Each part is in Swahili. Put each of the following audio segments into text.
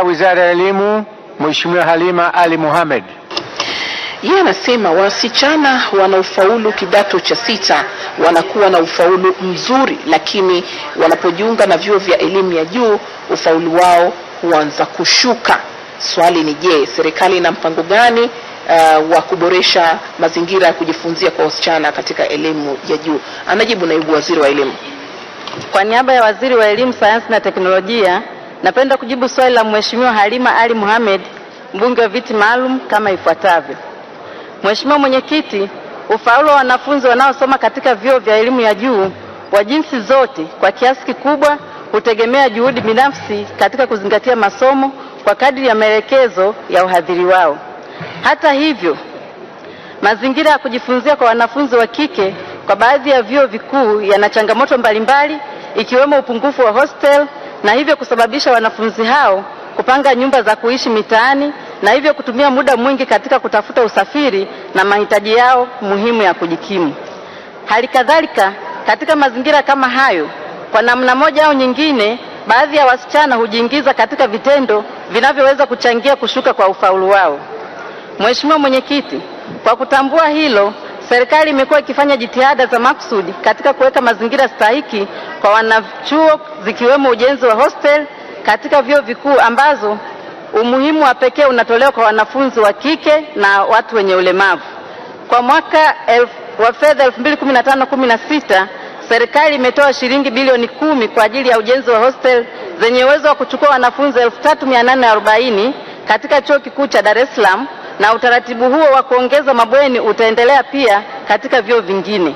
ya Wizara ya Elimu Mheshimiwa Halima Ali Mohamed. Yeye anasema wasichana wanaofaulu kidato cha sita wanakuwa na ufaulu mzuri, lakini wanapojiunga na vyuo vya elimu ya juu ufaulu wao huanza kushuka. Swali ni je, serikali ina mpango gani uh, wa kuboresha mazingira ya kujifunzia kwa wasichana katika elimu ya juu? Anajibu naibu waziri wa elimu. Kwa niaba ya waziri wa elimu, sayansi na teknolojia Napenda kujibu swali la Mheshimiwa Halima Ali Mohamed, mbunge wa viti maalum kama ifuatavyo. Mheshimiwa Mwenyekiti, ufaulu wa wanafunzi wanaosoma katika vyuo vya elimu ya juu wa jinsi zote kwa kiasi kikubwa hutegemea juhudi binafsi katika kuzingatia masomo kwa kadri ya maelekezo ya uhadhiri wao. Hata hivyo, mazingira ya kujifunzia kwa wanafunzi wa kike kwa baadhi ya vyuo vikuu yana changamoto mbalimbali ikiwemo upungufu wa hostel na hivyo kusababisha wanafunzi hao kupanga nyumba za kuishi mitaani na hivyo kutumia muda mwingi katika kutafuta usafiri na mahitaji yao muhimu ya kujikimu. Hali kadhalika, katika mazingira kama hayo, kwa namna moja au nyingine, baadhi ya wasichana hujiingiza katika vitendo vinavyoweza kuchangia kushuka kwa ufaulu wao. Mheshimiwa Mwenyekiti, kwa kutambua hilo Serikali imekuwa ikifanya jitihada za makusudi katika kuweka mazingira stahiki kwa wanachuo zikiwemo ujenzi wa hostel katika vyuo vikuu ambazo umuhimu wa pekee unatolewa kwa wanafunzi wa kike na watu wenye ulemavu. Kwa mwaka elf, wa fedha 2015/16 serikali imetoa shilingi bilioni kumi kwa ajili ya ujenzi wa hostel zenye uwezo wa kuchukua wanafunzi 3840 katika chuo kikuu cha Dar es Salaam na utaratibu huo wa kuongeza mabweni utaendelea pia katika vyuo vingine.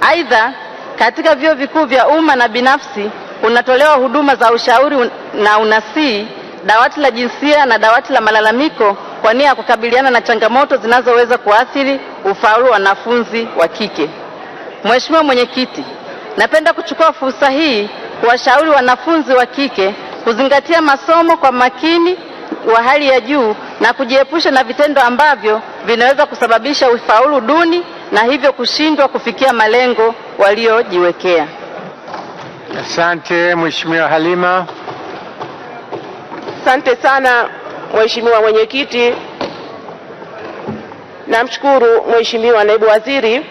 Aidha, katika vyuo vikuu vya umma na binafsi kunatolewa huduma za ushauri na unasii dawati la jinsia na dawati la malalamiko kwa nia ya kukabiliana na changamoto zinazoweza kuathiri ufaulu wa wanafunzi wa kike. Mheshimiwa Mwenyekiti, napenda kuchukua fursa hii kuwashauri wanafunzi wa kike kuzingatia masomo kwa makini wa hali ya juu na kujiepusha na vitendo ambavyo vinaweza kusababisha ufaulu duni na hivyo kushindwa kufikia malengo waliojiwekea. Asante Mheshimiwa Halima. Asante sana Mheshimiwa Mwenyekiti. Namshukuru Mheshimiwa Naibu Waziri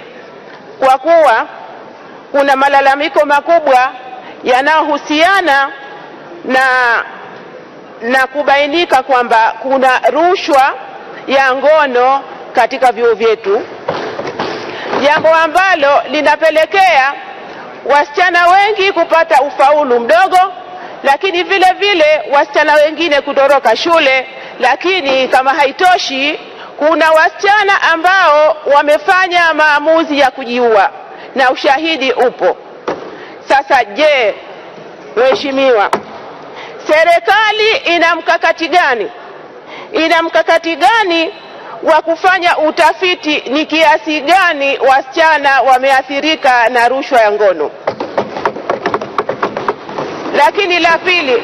kwa kuwa kuna malalamiko makubwa yanayohusiana na na kubainika kwamba kuna rushwa ya ngono katika vyuo vyetu, jambo ambalo linapelekea wasichana wengi kupata ufaulu mdogo, lakini vile vile wasichana wengine kutoroka shule. Lakini kama haitoshi, kuna wasichana ambao wamefanya maamuzi ya kujiua na ushahidi upo. Sasa je, mheshimiwa serikali ina mkakati gani, ina mkakati gani wa kufanya utafiti ni kiasi gani wasichana wameathirika na rushwa ya ngono? Lakini la pili,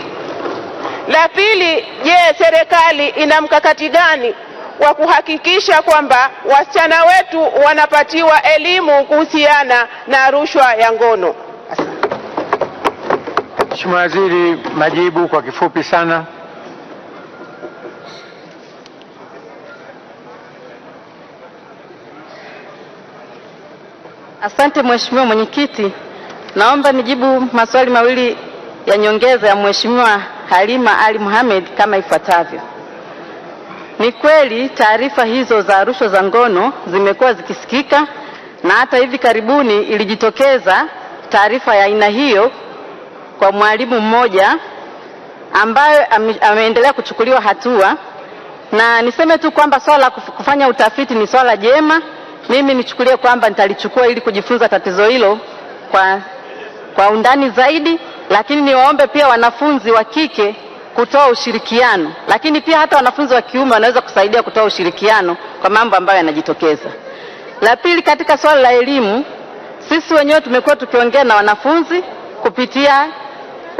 la pili, je, serikali ina mkakati gani wa kuhakikisha kwamba wasichana wetu wanapatiwa elimu kuhusiana na rushwa ya ngono? Mheshimiwa Waziri, majibu kwa kifupi sana. Asante Mheshimiwa Mwenyekiti, naomba nijibu maswali mawili ya nyongeza ya Mheshimiwa Halima Ali Mohamed kama ifuatavyo. Ni kweli taarifa hizo za rushwa za ngono zimekuwa zikisikika na hata hivi karibuni ilijitokeza taarifa ya aina hiyo kwa mwalimu mmoja ambayo ameendelea kuchukuliwa hatua, na niseme tu kwamba swala la kufanya utafiti ni swala jema. Mimi nichukulie kwamba nitalichukua ili kujifunza tatizo hilo kwa, kwa undani zaidi, lakini niwaombe pia wanafunzi wa kike kutoa ushirikiano, lakini pia hata wanafunzi wa kiume wanaweza kusaidia kutoa ushirikiano kwa mambo ambayo yanajitokeza. La pili, katika swala la elimu, sisi wenyewe tumekuwa tukiongea na wanafunzi kupitia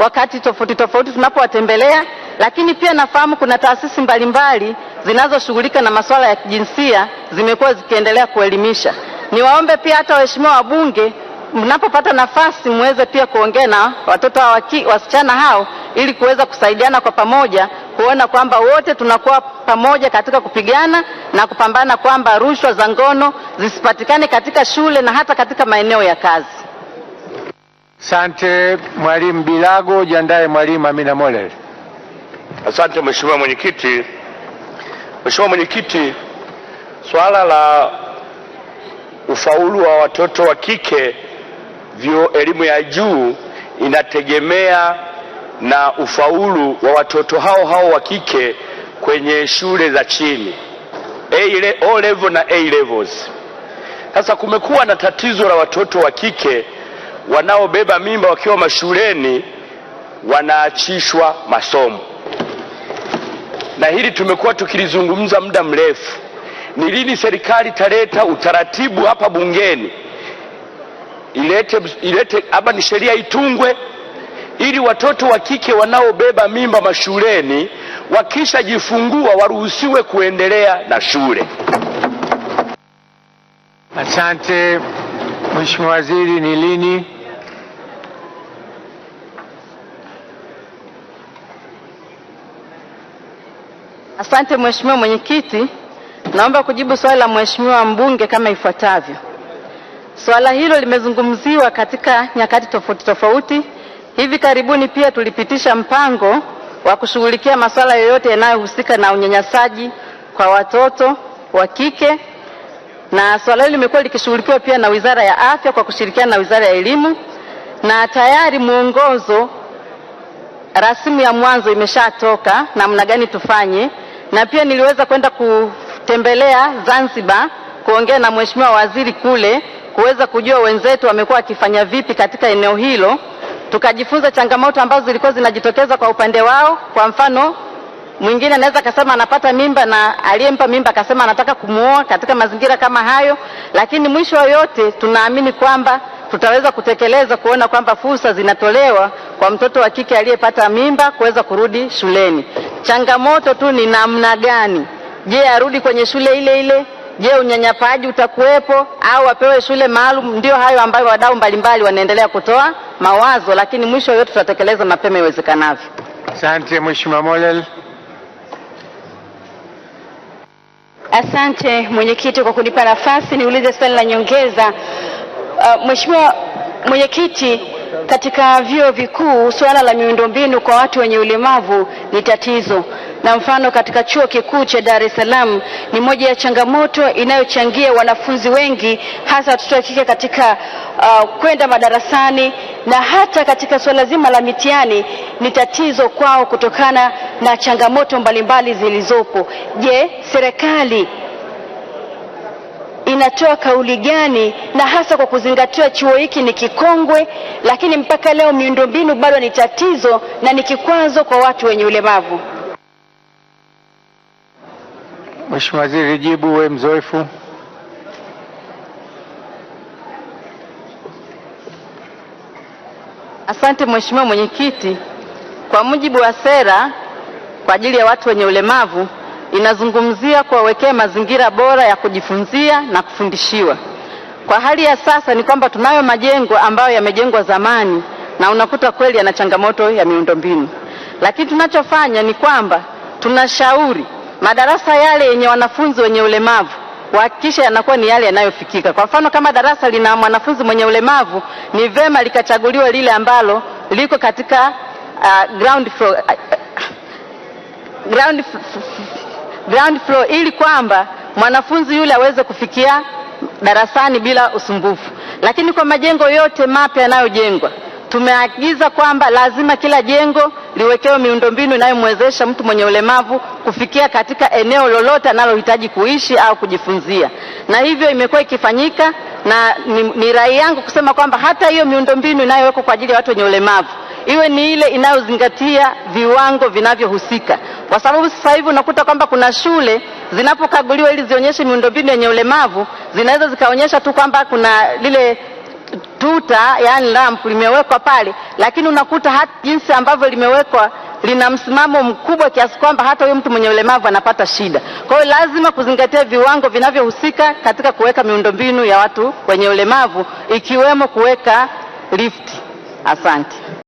wakati tofauti tofauti tunapowatembelea, lakini pia nafahamu kuna taasisi mbalimbali zinazoshughulika na masuala ya kijinsia zimekuwa zikiendelea kuelimisha. Niwaombe pia hata waheshimiwa wabunge mnapopata nafasi muweze pia kuongea na watoto hawa wasichana hao ili kuweza kusaidiana kwa pamoja kuona kwamba wote tunakuwa pamoja katika kupigana na kupambana kwamba rushwa za ngono zisipatikane katika shule na hata katika maeneo ya kazi. Asante Mwalimu Bilago, jandaye Mwalimu Amina mole Asante Mheshimiwa Mwenyekiti. Mheshimiwa Mwenyekiti, swala la ufaulu wa watoto wa kike vyo elimu ya juu inategemea na ufaulu wa watoto hao hao wa kike kwenye shule za chini A, O level na A levels. Sasa kumekuwa na tatizo la watoto wa kike wanaobeba mimba wakiwa mashuleni wanaachishwa masomo, na hili tumekuwa tukilizungumza muda mrefu. Ni lini serikali italeta utaratibu hapa bungeni, ilete ilete hapa, ni sheria itungwe ili watoto wa kike wanaobeba mimba mashuleni wakishajifungua waruhusiwe kuendelea na shule. Asante Mheshimiwa Waziri, ni lini Asante Mheshimiwa Mwenyekiti, naomba kujibu swali la Mheshimiwa mbunge kama ifuatavyo. Swala hilo limezungumziwa katika nyakati tofauti tofauti. Hivi karibuni pia tulipitisha mpango wa kushughulikia masuala yoyote yanayohusika na unyanyasaji kwa watoto wa kike, na swala hilo limekuwa likishughulikiwa pia na Wizara ya Afya kwa kushirikiana na Wizara ya Elimu, na tayari mwongozo rasimu ya mwanzo imeshatoka namna gani tufanye na pia niliweza kwenda kutembelea Zanzibar kuongea na mheshimiwa waziri kule kuweza kujua wenzetu wamekuwa wakifanya vipi katika eneo hilo, tukajifunza changamoto ambazo zilikuwa zinajitokeza kwa upande wao. Kwa mfano mwingine anaweza akasema anapata mimba na aliyempa mimba akasema anataka kumuoa katika mazingira kama hayo, lakini mwisho wa yote tunaamini kwamba tutaweza kutekeleza kuona kwamba fursa zinatolewa kwa mtoto wa kike aliyepata mimba kuweza kurudi shuleni. Changamoto tu ni namna gani? Je, arudi kwenye shule ile ile? Je, unyanyapaji utakuwepo au apewe shule maalum? Ndio hayo ambayo wadau mbalimbali wanaendelea kutoa mawazo, lakini mwisho yote tutatekeleza mapema iwezekanavyo. Asante Mheshimiwa Molel. Asante mwenyekiti kwa kunipa nafasi niulize swali la nyongeza. Uh, Mheshimiwa mwenyekiti katika vyuo vikuu suala la miundombinu kwa watu wenye ulemavu ni tatizo, na mfano katika chuo kikuu cha Dar es Salaam ni moja ya changamoto inayochangia wanafunzi wengi hasa watoto wa kike katika uh, kwenda madarasani na hata katika suala zima la mitihani ni tatizo kwao kutokana na changamoto mbalimbali zilizopo. Je, serikali inatoa kauli gani, na hasa kwa kuzingatia chuo hiki ni kikongwe, lakini mpaka leo miundombinu bado ni tatizo na ni kikwazo kwa watu wenye ulemavu. Mheshimiwa Waziri, jibu. Wewe mzoefu. Asante Mheshimiwa Mwenyekiti, kwa mujibu wa sera kwa ajili ya watu wenye ulemavu inazungumzia kuwawekea mazingira bora ya kujifunzia na kufundishiwa. Kwa hali ya sasa ni kwamba tunayo majengo ambayo yamejengwa zamani na unakuta kweli yana changamoto ya miundombinu, lakini tunachofanya ni kwamba tunashauri madarasa yale yenye wanafunzi wenye ulemavu kuhakikisha yanakuwa ni yale yanayofikika. Kwa mfano kama darasa lina mwanafunzi mwenye ulemavu, ni vema likachaguliwa lile ambalo liko katika uh, ground floor, uh, ground ground floor, ili kwamba mwanafunzi yule aweze kufikia darasani bila usumbufu. Lakini kwa majengo yote mapya yanayojengwa tumeagiza kwamba lazima kila jengo liwekewe miundombinu inayomwezesha mtu mwenye ulemavu kufikia katika eneo lolote analohitaji kuishi au kujifunzia, na hivyo imekuwa ikifanyika, na ni, ni rai yangu kusema kwamba hata hiyo miundombinu inayowekwa kwa ajili ya watu wenye ulemavu iwe ni ile inayozingatia viwango vinavyohusika, kwa sababu sasa hivi unakuta kwamba kuna shule zinapokaguliwa ili zionyeshe miundombinu yenye ulemavu zinaweza zikaonyesha tu kwamba kuna lile tuta yani ramp limewekwa pale, lakini unakuta hata jinsi ambavyo limewekwa lina msimamo mkubwa kiasi kwamba hata huyo mtu mwenye ulemavu anapata shida. Kwa hiyo lazima kuzingatia viwango vinavyohusika katika kuweka miundombinu ya watu wenye ulemavu ikiwemo kuweka lifti. Asante.